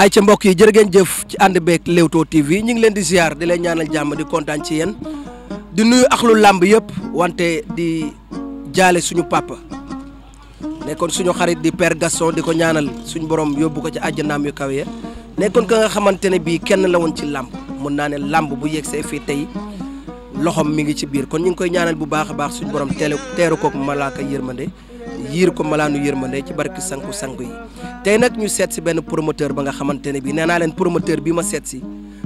ay ca mbokk yi jërë ngeen jëf ci ànd beeg Leewtoo TV ñu ngi leen di ziar di leen ñaanal jàmm di kontaan ci yéen di nuyu axlu làmb yépp wante di jaale suñu papa nekkoon suñu xarit di père Gaston di ko ñaanal suñu borom yóbbu ko ci àjjanaam yu kawe nekkoon ka nga xamante ne bii kenn la woon ci làmb mun naa ne làmb bu see fii tey loxom mi ngi ci biir kon ñu ngi koy ñaanal bu baax a baax suñu borom teelu teeru kook malaaka yërmande yiir ko malaanu ma yërmande ci barki sanku sanku yi tey nag ñu seet si benn promoteur ba nga xamante ne bi nee naa leen promoteur bi ma seet si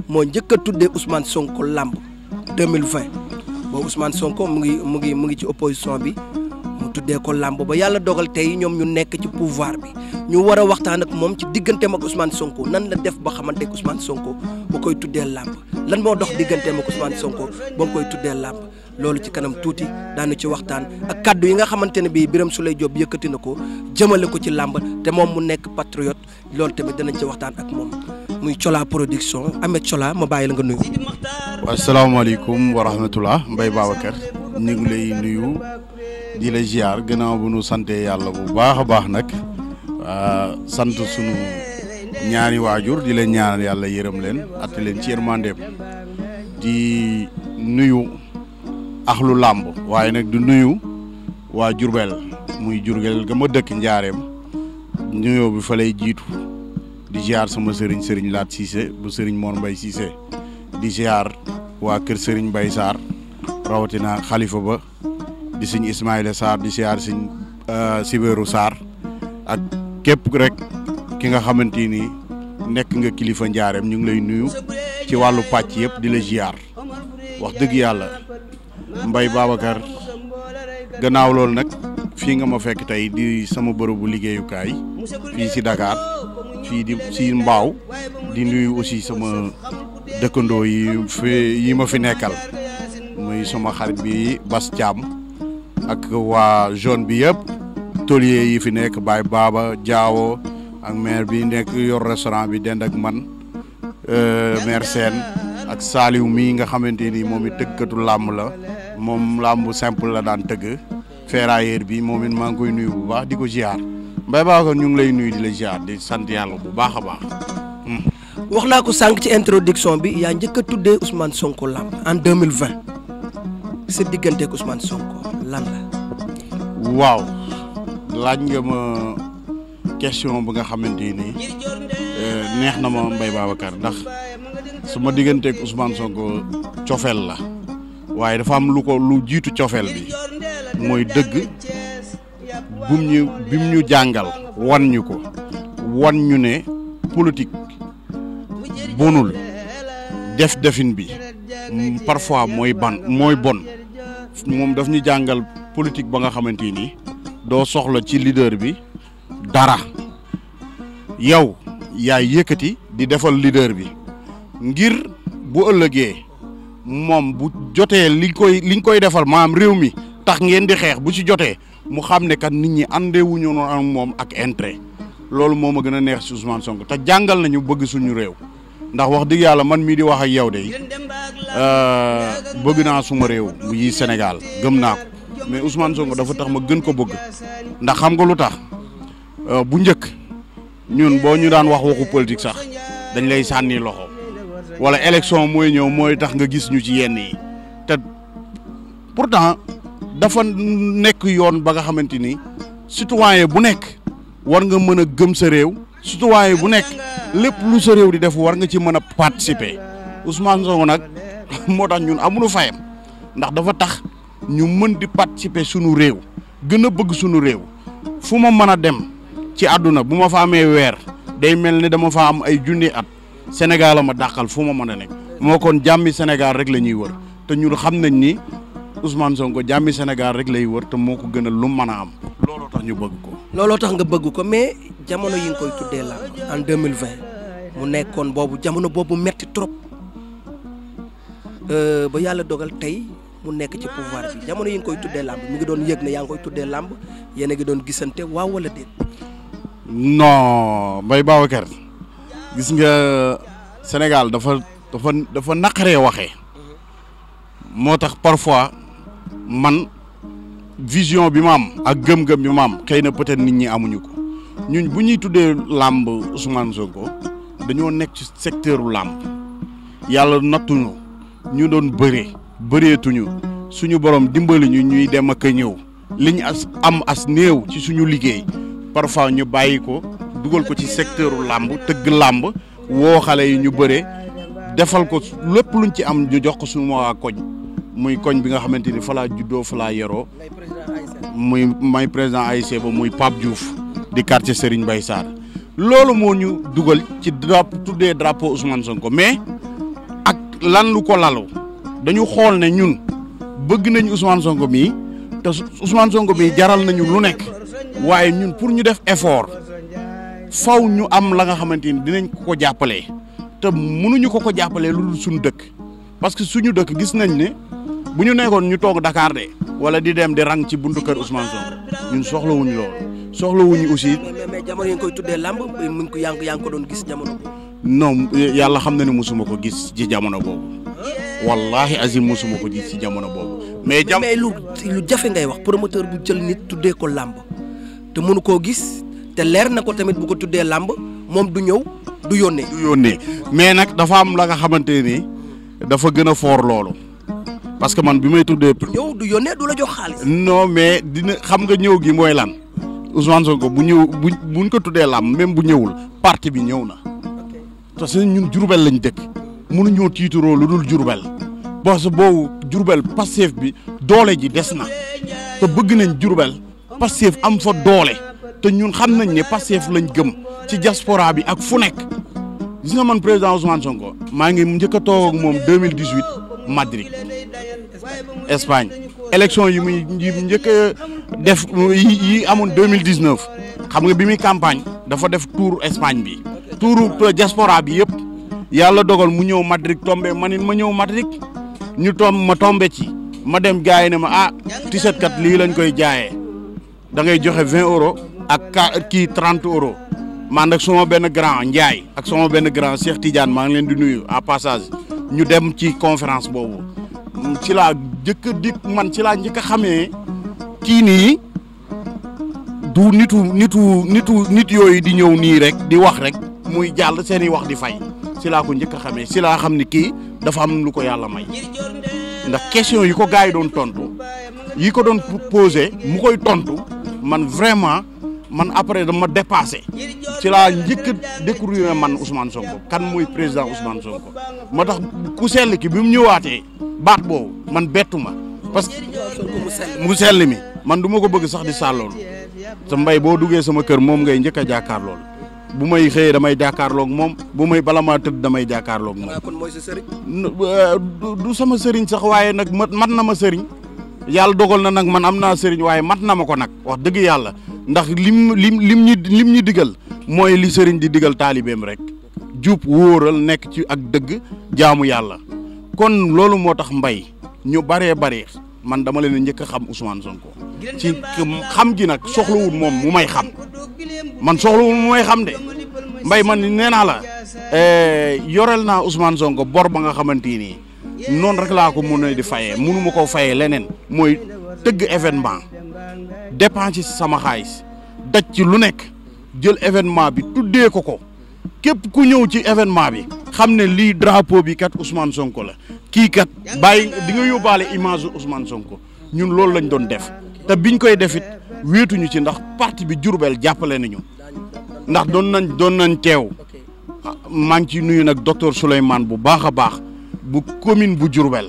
moo njëkk a tuddee Ousmane Sonko làmb 2020 boobu Ousmane Sonko mu ngi mu ngi mu ngi ci opposition bi mu tuddee ko làmb ba yàlla dogal tey ñoom ñu nekk ci pouvoir bi ñu war a waxtaan ak moom ci digganteem ak Ousmane Sonko nan la def ba xamante ak Ousmane Sonko ba koy tuddee làmb lan moo dox digganteem ak Ousmane Sonko ba koy tuddee làmb loolu ci kanam tuuti daanu ci waxtaan ak kàddu yi nga xamante ne bii biram Souleye Diop yëkkati na ko jëmale ko ci làmb te moom mu nekk patriote loolu tamit danañ ci waxtaan ak moom muy Thiolla production Ahmed Thiolla ma bàyyi la nga nuyu. waaw salaamaaleykum wa mbay Mbaye Babacar ñu ngi lay nuyu di la ziar bu nu sante yàlla bu baax a baax nag ah, sant sunu waajur di leen ñaanal yàlla yërëm leen atte leen di nuyu. axlu làmb waaye nag du nuyu waa Jurbel muy Jurbel ga ma dëkk njaareem nuyoo bi fa lay jiitu di ziar sama sëriñ sëriñ Laat Cissé bu sëriñ Mor Mbay siise di ziar waa kër sëriñ bay Sarr rawatina xalifa ba di sëñ Ismaïla Sarr di ziar sëñ euh, Sibéeru Sarr ak képp rek ki nga xamante ni nekk nga kilifa njaareem ñu ngi lay nuyu ci wàllu pàcc yëpp di la ziar wax dëgg yàlla Mbaye Babacar gannaaw loolu nag fii nga ma fekk tey di sama bërëbu liggéeyukaay fii si Dakar fii di si Mbaaw di nuyu aussi sama dëkkandoo yi fi yi ma fi nekkal muy sama xarit bi Bas Thiam ak waa zone bi yëpp tôlier yi fi nekk Baye Baba Diawo ak maire bi nekk yor restaurant bi dend ak man euh, maire Sène ak Saliou mii nga xamante ni moom it tëkkatu làmb la moom làmb simple la daan tëgg ferrailleur bi moom it maa ngi koy nuyu bu baax di ko ziar mbay baa ko ñu ngi lay nuyu di la ziar di sant yàlla bu baax a baax. Hmm. wax naa ko sànq ci introduction bi yaa njëkk a tuddee Ousmane Sonko làmb en 2020 sa diggante ak Ousmane Sonko lan la. waaw laaj nga ma question bi nga xamante ni euh, neex na ma Mbaye Babacar ndax su ma digganteeg Ousmane Sonko cofeel la. waaye dafa am lu ko lu jiitu cofeel bi mooy dëgg bum ñu jàngal wan ñu ko wan ñu ne politik bonul def defin bi parfois mooy ban mooy bon moom daf ñu jàngal politique ba nga xamante ni doo soxla ci leader bi dara yow yaay yëkkati di defal leader bi ngir bu ëllëgee moom bu jotee liñ koy liñ koy defal maanaam réew mi tax ngeen di xeex bu si jotee mu xam ne kat nit ñi àndee wuñu noonu ak moom ak intérêt loolu moo ma gën a neex si Ousmane Sonko te jàngal nañu bëgg suñu réew ndax wax dëgg yàlla man mii di wax ak yow de euh, bëgg naa suma réew mu yi Sénégal gëm naa ko mais Ousmane Sonko dafa tax ma gën ko bëgg ndax xam nga lu tax euh, bu njëkk ñun boo ñu daan wax waxu politique sax dañ lay sànni loxo. wala élection mooy ñëw mooy tax nga gis ñu ci yenn yi te pourtant dafa nekk yoon ba nga xamante ni citoyen bu nekk war nga mën a gëm sa réew citoyen bu nekk lépp lu sa réew di def war nga ci mën a participer Ousmane Sonko nag moo tax ñun amuñu fayam ndax dafa tax ñu mën di participer sunu réew gën a bëgg sunu réew fu ma mën a dem ci àdduna bu ma fa amee weer day mel ni dama fa am ay junni at Sénégal ma dàqal fu ma mën a nekk moo kon jàmmi Sénégal rek la ñuy wër te ñun xam nañ ni Ousmane Sonko jàmmi Sénégal rek lay wër te moo ko gënal lu mën a am looloo tax ñu bëgg ko. looloo tax nga bëgg ko mais jamono yi nga koy tuddee la en 2020 mu nekkoon boobu jamono boobu metti trop euh, ba yàlla dogal tey. mu nekk ci pouvoir bi jamono yi koy tuddee làmb mu ngi doon yëg ne yaa ngi koy tuddee làmb yéen a ngi doon gisante waaw wala déet. non Mbaye gis nga Sénégal dafa dafa dafa naqaree waxee moo tax parfois man vision bi ma am ak gëm-gëm bi ma am xëy na peut-être nit ñi amuñu ko ñu bu ñuy tuddee làmb Ousmane Sonko dañoo nekk ci secteuru làmb yàlla nattuñu ñu doon bëree bëreetuñu suñu borom dimbali ñu ñuy dem ak a ñëw liñ as am as néew ci suñu liggéey parfois ñu bàyyi ko. dugal ko ci secteuru làmb tëgg làmb woo xale yi ñu bëree defal ko lépp luñ ci am ñu jox ko suñu waa koñ muy koñ bi nga xamante ni fa laa juddoo fa laa yeroo muy may président AIC ba muy Pape Diouf di quartier Serigne Mbaye Sarr loolu moo ñu dugal ci drapeau tuddee drapeau Ousmane ko mais ak lan lu ko lalu dañu xool ne ñun bëgg nañ Ousmane Sonko mii te Ousmane Sonko mii jaral nañu lu nekk waaye ñun pour ñu def effort faw ñu am la nga xamante ni dinañ ko ko jàppalee te mënuñu ko ko jàppalee lu dul suñu dëkk parce que suñu dëkk gis nañ ne bu ñu nekkoon ñu toog dakaar de wala di dem di rang ci buntu kër Ousmane Sonko ñun soxlawuñu loolu soxlawuñu aussi. mais mais yi nga koy tuddee làmb mu ngi ko yaa ngi ko doon gis jamono. non yàlla xam na ne mosuma ko gis ci jamono boobu. wallahi azim mosuma ko ji si jamono boobu. mais jam mais lu jafe ngay wax promoteur bu jël nit tuddee ko làmb te mënu koo gis te leer na ko tamit bu ko tuddee làmb moom du ñëw du yónnee. du yónnee mais nag dafa am la nga xamante ni dafa gën a foor loolu parce que man bi may tuddee. yow du yónnee du la jox xaalis. non mais dina xam nga ñëw gi mooy lan Ousmane Sonko bu ñëw bu buñ ko tuddee làmb même bu ñëwul parti bi ñëw na. parce que ñun Jurbel lañ dëkk ñëw tiituroo lu dul Jurbel parce boobu Jurbel Pastef bi doole ji des na te bëgg nañ Jurbel Pastef am fa doole. te ñun xam nañ ne Pastef lañ gëm ci diaspora bi ak fu nekk gis nga man président Ousmane Sonko maa ngi njëkk a toog ak moom 2018 Madrid Espagne élection yi muy yi njëkk a def yi amoon 2019 xam nga bi mu campagne dafa def tour Espagne bi tour diaspora bi yëpp yàlla dogal mu ñëw Madrid tombé ma nit ma ñëw Madrid ñu tom ma ci ma dem gars yi ne ma ah tiset kat lii lañ koy jaayee da ngay joxe vingt euros ak ka kii 30 euros man ak sama benn grand Ndiaye ak sama benn grand Cheikh Tidiane maa ngi leen di nuyu à passage ñu dem ci conférence boobu ci laa jëkk a dik man ci laa njëkk a xamee kii nii du nitu nitu nitu nit yooyu di ñëw nii rek di wax rek muy jàll seen i wax di fay si laa ko njëkk a xamee si laa xam ni kii dafa am lu ko yàlla may ndax question yi ko gars yi doon tontu yi ko doon posé mu koy tontu man vraiment. man après dama dépassé ci laa njëkk a découvrir man Ousmane ko kan mooy président Ousmane ko moo tax ku sell ki bi mu ñëwaatee baat boobu man bettu ma parce que mu sell mi man du ma ko bëgg sax di sàlloolu sa mbay boo duggee sama kër moom ngay njëkk a jàkkaar bu may xëyee damay jàkkaarloog moom bu may bala maa tëdd damay jàkkaarloog moom. kon mooy sa sëriñ. Euh, du sama sëriñ sax waaye nag mat na ma sëriñ. yàlla dogal na nag man am naa sëriñ waaye mat na ma ko nag wax dëgg yàlla ndax lim lim lim ñu lim ñu digal mooy li sëriñ di digal taalibeem rek jub wóoral nekk ci ak dëgg jaamu yàlla kon loolu moo tax mbay ñu baree bare man dama leen njëkk a xam Ousmane ko ci xam gi nag soxlawul moom mu may xam man soxlawul mu may xam de mbay man nee naa la eh, yorel naa Ousmane Sonko bor ba nga xamante nii noonu rek laa ko mun a di fayee munuma ma koo fayee leneen mooy tëgg événement dépense ci sama xaalis daj ci lu nekk jël événement bi tuddee ko ko képp ku ñëw ci événement bi xam ne lii drapeau bi kat Ousmane Sonko la kii kat bàyyi di nga yóbbaale image Ousmane Sonko ñun loolu lañ doon def te biñ koy defit wéetuñu ci ndax parti bi Jurbel jàppale nañu ndax doon nañ doon nañ teew ah, maa ngi ci nuyu nag docteur Souleymane bu baax a baax bu commune bu Diourbel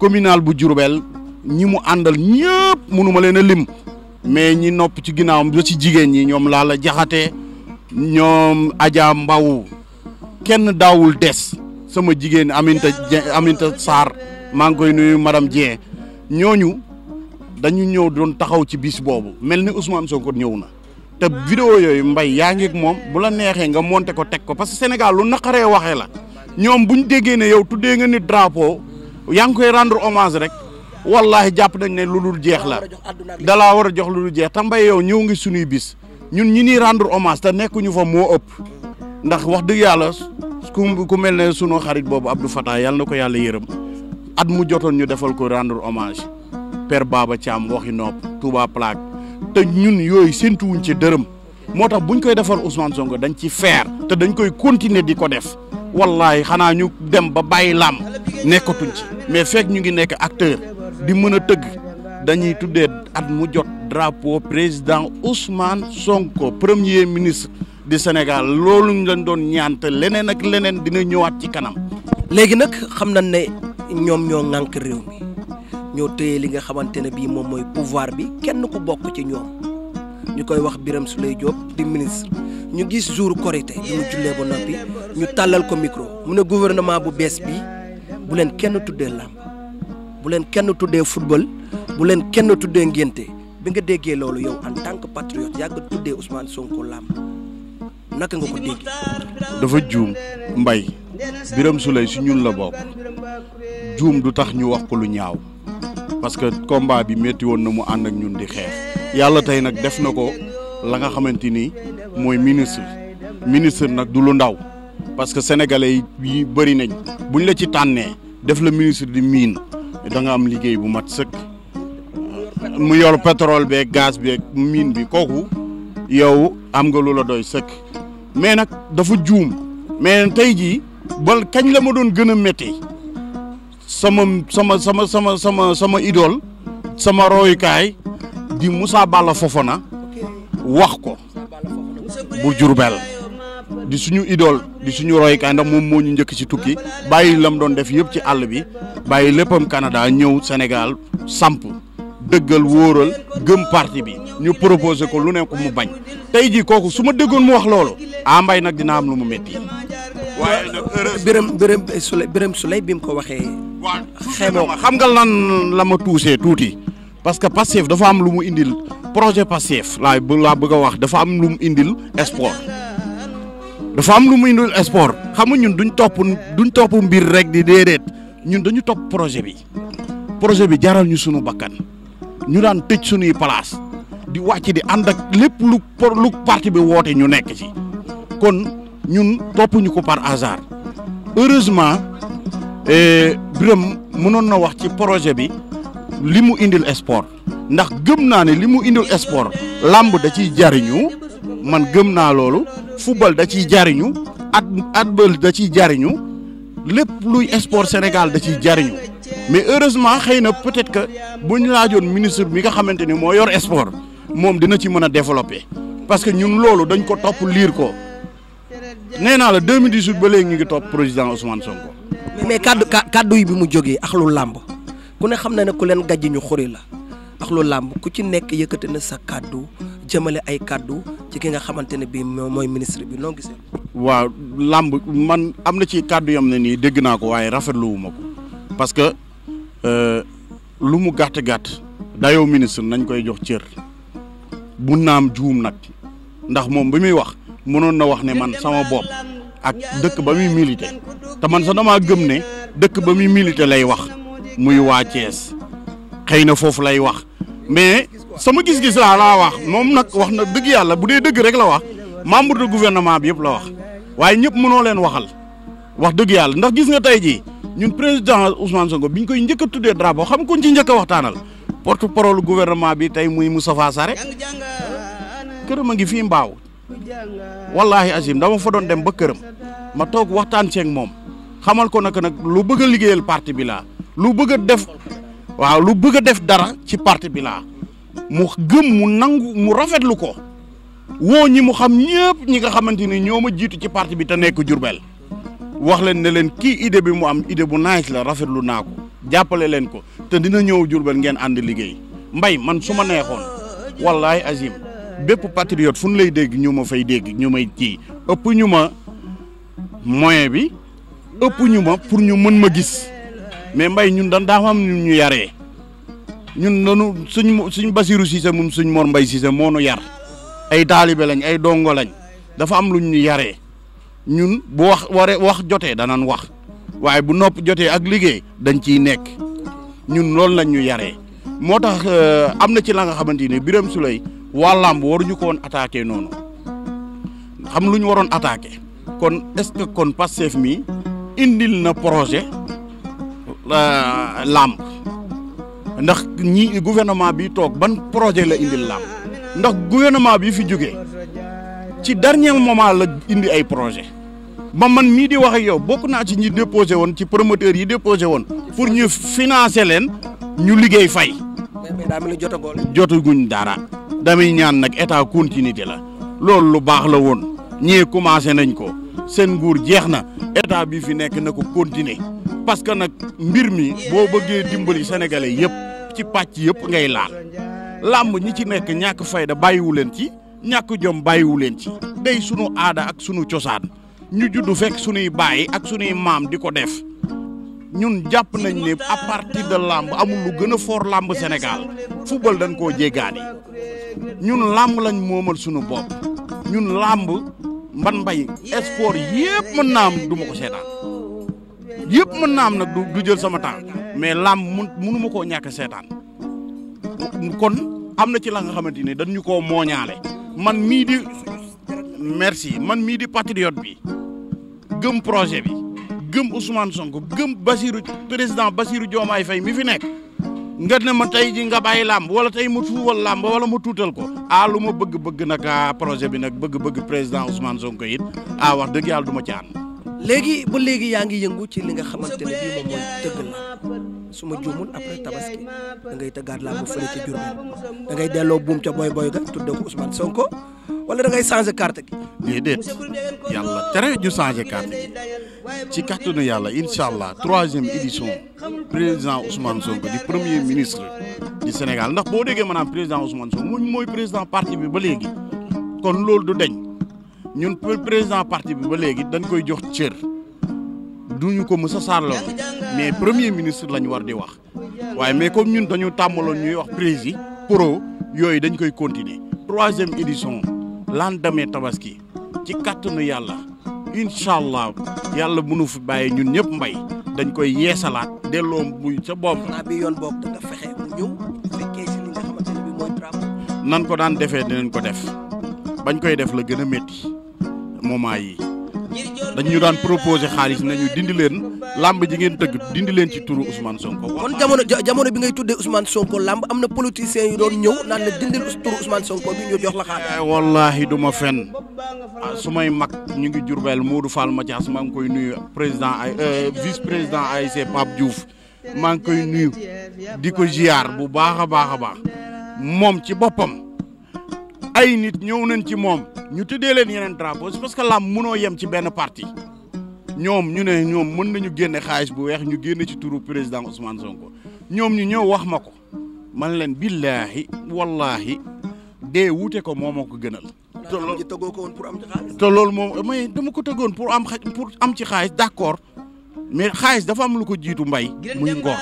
communal bu Diourbel ñi mu àndal ñëpp mënuma leen a lim mais ñi nopp ci ginnaawam ba ci jigéen ñi ñoom laa la jaxate ñoom Adja Mbaw kenn daawul des sama jigéen Aminta Aminta Sarr maa ngi koy nuyu madame Dieng ñooñu dañu ñëw doon taxaw ci bis boobu mel ni Ousmane Sonko ñëw na te vidéo yooyu mbay yaa ngi moom bu la neexee nga monter ko teg ko parce que Sénégal lu naqaree waxee la ñoom bu ñu déggee ne yow tuddee nga ni drapeau yaa ngi koy rendre hommage rek wallahi jàpp nañ ne lu dul jeex la war a jox lu dul jeex te mbay yow ñëw ngi suñuy bis ñun ñi ñuy rendre hommage ta nekkuñu fa moo ëpp ndax wax dëgg yàlla ku ku mel ne sunu xarit boobu Abdou Fatah yàlla na ko yàlla yërëm at mu jotoon ñu defal ko rendre hommage Père Baba Thiam waxi nopp Touba Plaque te ñun yooyu wuñ ci dërëm moo tax buñ koy defar Ousmane Sonko dañ ci faire te dañ koy continuer di ko def wallaay xanaa ñu dem ba bàyyi làmb nekkatuñ ci mais fekk ñu ngi nekk acteur di mën a tëgg dañuy tuddee at mu jot drapeau président Ousmane Sonko premier ministre di Sénégal loolu ñu doon ñaanta leneen ak leneen dina ñëwaat ci kanam. léegi nag xam na ne ñoom ñoo ŋànk réew mi ñoo téye li nga xamante ne bii moom mooy pouvoir bi kenn ku bokk ci ñoom ñu koy wax Birame Souleye Diop di ministre. ñu gis jour korité bi mu jullee ba noppi ñu tàllal ko micro mu ne gouvernement bu bees bi bu leen kenn tuddee làmb bu leen kenn tuddee football bu leen kenn tuddee ngénte bi nga déggee loolu yow en tant que patriote yàgg tuddee Ousmane Sonko làmb naka nga ko dégg dafa juum mbay Biram Souley si ñun la bokk juum du tax ñu wax ko lu ñaaw parce que combat bi métti woon na mu ànd ak ñun di xeex yàlla tey nag def na ko la nga xamante ni mooy ministre ministre nag du lu ndaw parce que sénégalais yi bëri nañ buñ la ci tànnee def la ministre di mine da nga am liggéey bu mat sëkk mu yor pétrole beeg gaz beeg mine bi kooku yow am nga lu la doy sëkk mais nag dafa juum mais tey jii bal kañ la ma doon gën a métti sama sama sama sama sama sama idole sama royukaay di Moussa Balla Fofana wax ko bu Jurbel di suñu idool di suñu roykaay ndax moom moo ñu njëkk ci tukki bàyyi la mu doon def yëpp ci àll bi bàyyi léppam kanada ñëw Sénégal samp dëggal wóoral gëm parti bi ñu proposé ko lu ne mu bañ tey jii kooku su ma dëggoon mu wax loolu ah mbay nag dina am lu mu métti. waaye nag heureuse Birame Birame bi mu ko waxee. xeeboo xam nga lan la ma tuusee tuuti. parce que Pastef dafa am lu mu indil projet Pastef laa laa bëgg a wax dafa am lu mu indil sport dafa am lu mu indil sport xam nga ñun duñ topp duñ topp mbir rek di déedéet ñun dañu topp projet bi projet bi jaral ñu sunu bakkan ñu daan tëj sunuy place di wàcc di ànd ak lépp lu lu parti bi woote ñu nekk ci kon ñun toppuñu ko par hasard heureusement eh, Birame mënoon na wax ci projet bi. li mu indil sport ndax gëm naa ne li mu indil sport làmb da ciy jariñu man gëm naa loolu football da ciy jariñu at at bël da ciy jariñu lépp luy sport Sénégal da ciy jariñu mais heureusement xëy na peut-être que bu laajoon ministre bi nga xamante ni moo yor sport moom dina ci mën a développer parce que ñun loolu dañ ko topp liir ko nee naa la 2018 ba léegi ñu ngi topp président Ousmane Sonko. mais kaddu kàddu yi bi mu jógee ak lu làmb. ku ne xam na ne ku leen gàjji ñu xuri la ak lu làmb ku ci nekk yëkkate na sa kàddu jëmale ay kàddu ci ki nga xamante ne bii mooy ministre bi noo gisee. waaw làmb man am na ci kàddu yam ne nii dégg naa ko waaye rafetluwuma ko parce que euh, lu mu gàtt gàtt dayoo ministre nañ koy jox cër bu am juum nag ndax moom bi muy wax mënoon na wax ne man sama bopp ak dëkk ba muy milité te man sa damaa gëm ne dëkk ba muy milité lay wax. muy waa cees xëy na foofu lay wax mais sama gis-gis laa laa wax moom nag wax na dëgg yàlla bu dee dëgg rek la wax membre de gouvernement bi yëpp la wax waaye ñëpp mënoo leen waxal wax dëgg yàlla ndax gis nga tey jii ñun président Ousmane Sonko bi ñu koy njëkk a tuddee drapeau xam ko ci njëkk a waxtaanal porte parole gouvernement bi tey muy Moustapha Sarré këram a ngi fii mbaaw wallahi Azim dama fa doon dem ba këram ma toog waxtaan ceeg moom xamal ko nag nag lu bëgg liggéeyal parti bi lu bëgg a def waaw lu bëgg a def dara ci parti bi laa mu gëm mu nangu mu rafetlu ko woo ñi mu xam ñëpp ñi nga xamante ni ñoo ma jiitu ci parti bi te nekk Jurbel wax leen ne leen kii idée bi mu am idée bu naaj la rafetlu naa ko jàppale leen ko te dina ñëw Jurbel ngeen ànd liggéey mbay man su ma neexoon wallaay azim bépp patriote fu ñu lay dégg ñu ma fay dégg ñu may kii ëpp ñu ma moyen bi ëpp ñu ma pour ñu mën ma gis mais mbay ñun dan daa am ñun ñu yaree ñun nanu suñ suñ Basiru Cissé moom suñ Mor Mbay Cissé moo nu yar ay taalibe lañ ay dongo lañ dafa am luñ ñu yaree ñun bu wax waree wax jotee danañ wax waaye bu nopp jotee ak liggéey dañ ciy nekk ñun loolu lañ ñu yare moo tax euh, am na ci la nga xamante ne Birame Souleye waa làmb waruñu ko woon attaqué noonu xam lu ñu waroon attaqué kon est-ce que kon Pastef mi indil na projet Euh, làmb ndax ñi gouvernement bi toog ban projet la indil làmb ndax gouvernement bi fi jógee ci dernier moment la indi ay projet ba man mii di wax ak yow bokk naa ci ñi déposé woon ci promoteur yi déposé woon pour ñu financer leen ñu liggéey fay. mais daa mel jotaguñ dara. damay ñaan nag état continuité la loolu lu baax la woon ñee commencé nañ ko seen nguur jeex na état bi fi nekk na ko continuer. parce que nag mbir mi boo bëggee dimbali sénégalais yëpp ci pàcc yëpp ngay laal làmb ñi ci nekk ñàkk fayda bàyyiwu leen ci ñàkk jom bàyyiwu leen ci day suñu aada ak suñu cosaan ñu juddu fekk suñuy bàyyi ak sunuy maam di ko def ñun jàpp nañ ne à de làmb amul lu gën a fort làmb Sénégal football dañ koo jéggaani ñun làmb lañ moomal suñu bopp ñun làmb mban mbay sport yëpp mën naa am du ko seetaan yëpp mën naa am nag du jël sama temps mais làmb mun mënuma koo ñàkk seetaan kon am na ci la nga xamante ne dañu ko mooñaale man mii di merci man mii di patriote bi gëm projet bi gëm Ousmane Sonko gëm Basirou président Basirou Diomaye Faye mi fi nekk nga ne ma tey ji nga bàyyi làmb wala tey ma tuuwal làmb wala ma tuutal ko ah lu ma bëgg-bëgg nag ah, projet bi nag bëgg-bëgg président Ousmane Sonko it ah wax dëgg yàlla du ma ci ànd léegi ba léegi yaa ngi yëngu ci li nga xamante ne bii moom mooy tëgg la su ma juumul après tabaski da ngay tëggaat laa bu fële ci Diourbel da ngay delloo buum ca boy boy ga tuddee ko Ousmane Sonko wala da ngay changé carte gi. déedéet yàlla tere ñu changé carte gi ci kàttanu yàlla incha allah troisième édition président Ousmane Sonko di premier ministre du Sénégal ndax boo déggee maanaam président Ousmane Sonko mooy président parti bi ba léegi kon loolu du deñ ñun président parti bi ba léegi dañ koy jox cër duñu ko mës a saarloo mais premier ministre lañu war di wax waaye mais comme ñun dañu tàmmaloon ñuy wax prési pro yooyu dañ koy continuer troisième édition lendemain tabaski ci kàttanu yàlla incha allah yàlla mënu fi bàyyi ñun ñëpp mbay dañ koy yeesalaat delloo muy ca bopp. xanaa yoon boobu nan ko daan defee dinañ ko def bañ koy def la gën a métti. moment yi dañu daan proposé xaalis nañu dindi leen làmb ji ngeen tëgg dindi leen ci turu Ousmane Sonko. kon jamono jamono bi ngay tuddee Ousmane Sonko làmb am na politiciens yu doon ñëw naan la dindil turu Ousmane Sonko bi ñu jox la xaalis. Eh, du ma fen ah su may mag ñu ngi Jurbel Modou Fall Mathias maa ngi koy nuyu président ay euh, vice président ay ASC Pape Diouf maa ngi koy nuyu di ko ziar bu baax a baax a baax moom ci boppam. ay nit ñëw nañ ci moom ñu tuddee leen yeneen drapeaux parce que làmb mënoo yem ci benn parti ñoom ñu ne ñoom mën nañu génne xaalis bu weex ñu génn ci turu président Ousmane Sonko ñoom ñu ñëw wax ma ko man leen billaahi wallaahi dee wuute ko moo ma ko gënal. te loolu tëggoo ko woon pour am ci xaalis. te loolu moom may dama ko tëggoon pour am pour am ci xaalis d'accord mais xaalis dafa am lu ko jiitu mbay. mu ngor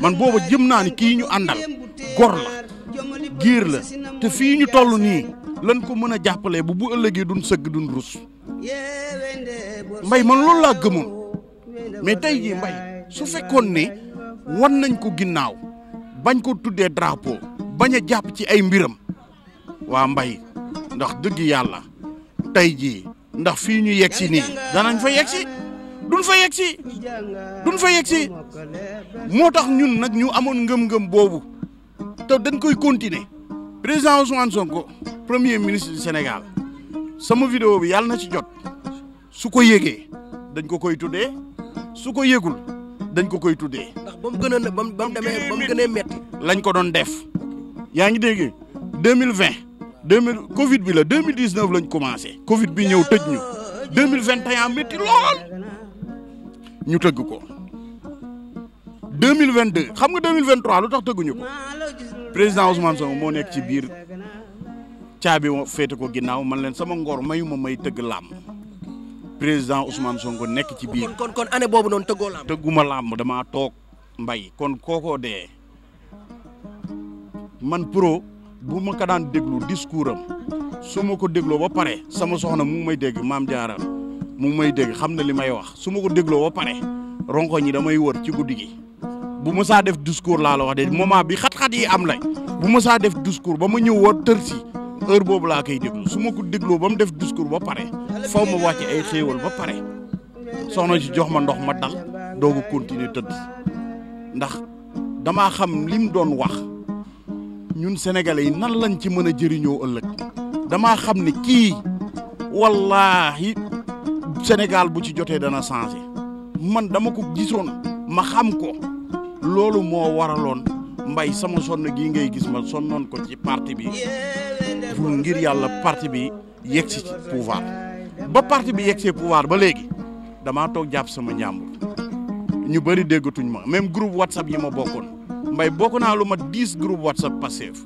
man booba jëm naa ni kii ñu àndal gor la. giir la te fii ñu toll nii lan ko mën a jàppalee bu bu ëllëgee duñ sëgg dun rus mbay man loolu laa gëmoon mais tey jii mbay su fekkoon ne wan nañ ko ginnaaw bañ ko tuddee drapeau bañ a jàpp ci ay mbiram waa mbay ndax dëgg yàlla tey jii ndax fii ñu yegg si nii danañ fa yegg si duñ fa yegg si duñ fa yegg moo tax ñun nag ñu amoon ngëm-ngëm boobu te dañ koy continuer président Ousmane Sonko premier ministre du Sénégal sama vidéo bi yàlla na ci jot su ko yëgee dañ ko koy tuddee su ko yégul dañ ko koy tuddee. ndax ba mu gën a ba mu demee ba mu gënee lañ ko doon def yaa ngi dégg deux mille vingt deux mille Covid bi la deux mille dix neuf lañ commencé. Covid bi ñëw tëj ñu deux mille vingt et un métti lool ñu tëgg ko. deux mille vingt deux xam nga deux mille vingt trois lu tax tëgguñu ko président Ousmane Sonko moo nekk ci biir caabi féete ko ginnaaw man leen sama ngor mayuma may tëgg làmb président Ousmane Sonko nekk ci biir. kon kon année boobu noonu tëggoo làmb. tëgguma làmb damaa toog mbay kon kookoo dee man pro bu ma ko daan déglu discours am su ko dégloo ba pare sama soxna mu may dégg maam jaaral mu may dégg xam na li may wax su ma ko dégloo ba pare ronko ñi damay wër ci guddi gi bu mësaa def discours laa la wax de moment bi xat-xat yi am la bu mësaa def discours ba ma ñëw woon tër si heure boobu laa koy déglu su ma ko dégloo ba mu def discours ba pare faw ma wàccee ay xéewal ba pare soxna si jox ma ndox ma dal doog a continuer tëdd ndax damaa xam li mu doon wax ñun sénégalais yi nan lañ ci mën a jëriñoo ëllëg damaa xam ni kii wallaahi Sénégal bu ci jotee dana changé man dama ko gisoon ma xam ko loolu moo waraloon mbay sama sonn gii ngay gis ma sonnoon ko ci parti bi pour ngir yàlla parti bi yegg si ba parti bi yegg see pouvoir ba léegi damaa toog jàpp sama njàmbur ñu bëri déggatuñ ma même groupe whatsapp yi ma bokkoon mbay bokk naa lu ma dix groupe whatsapp Pastef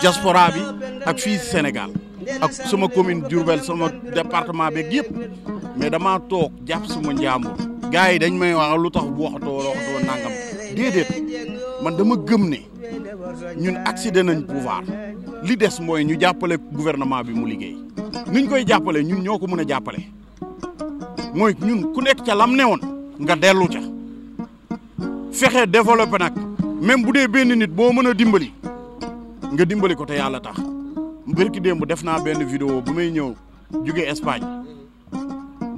diaspora bi ak fii Sénégal ak sama commune Diourbel sama département beeg yëpp mais damaa toog jàpp sama njàmbur gars yi dañ may wax lu tax bu waxatoo waxatoo nangam déedéet man dama gëm ne ñun accédé nañ pouvoir li des mooy ñu jàppale gouvernement bi mu liggéey niñ koy jàppale ñun ñoo ko mën a jàppale mooy ñun ku nekk ca lam ne woon nga dellu ca fexe développé nag même bu dee benn nit boo mën a dimbali nga dimbali ko te yàlla tax bërki démb def naa benn vidéo bu may ñëw jóge Espagne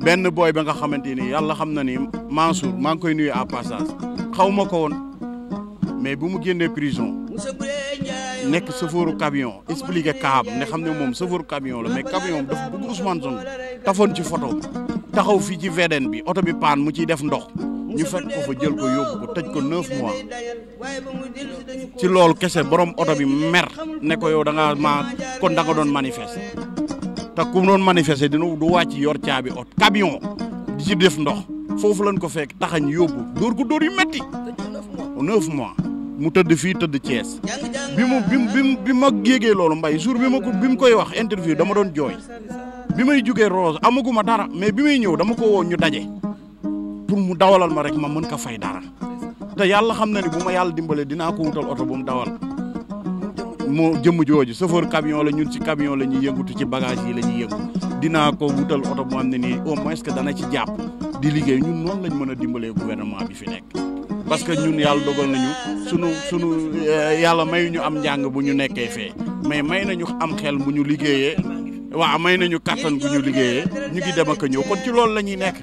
benn booy ba nga xamante ni yàlla xam na ni Mansour maa ngi koy nuyu à passage xaw ko woon mais bu mu génnee prison nekk chauffeuru camion expliqué kaab ne xam ne moom chauffeuru camion la mais camion dafa bëgg Ousmane Sonko tafoon ci photo taxaw fii ci VDN bi oto bi paan mu ciy def ndox ñu fekk ko fa ko yóbbu ko tëj ko neuf mois ci loolu kese borom oto bi mer ne ko yow da nga ma kon da doon manifester te ku doon manifester dina du wàcc yor caabi ot camion di ci def ndox foofu lañ ko fekk taxañ yóbbu dóor ko dóor yu metti neuf mois mu tëdd fii tëdd Thiès bi mu bi mu bi ma yégee loolu mbay jour bi ma ko bi mu koy wax interview dama doon jooy bi may jugee Rose amaguma dara mais bi may ñëw dama ko woo ñu daje pour mu dawalal ma rek ma mën ko fay dara te yàlla xam na ni bu ma yàlla dimbale dinaa ko wutal oto bu mu dawal moo jëmm jooju chauffeur camion la ñun ci camion la ñuy yëngutu ci bagage yi la ñuy yëngu dinaa ko wutal oto bu am ne nii au moins que dana ci jàpp di liggéey ñun noonu lañ mën a dimbalee gouvernement bi fi nekk. parce que ñun yàlla dogal nañu sunu sunu eh, yàlla mayu ñu am njàng bu ñu nekkee fee mais may nañu am xel bu ñu liggéeyee waaw may nañu kàttan bu ñu liggéeyee ñu ngi dem ak a ñëw kon ci loolu la ñuy nekk.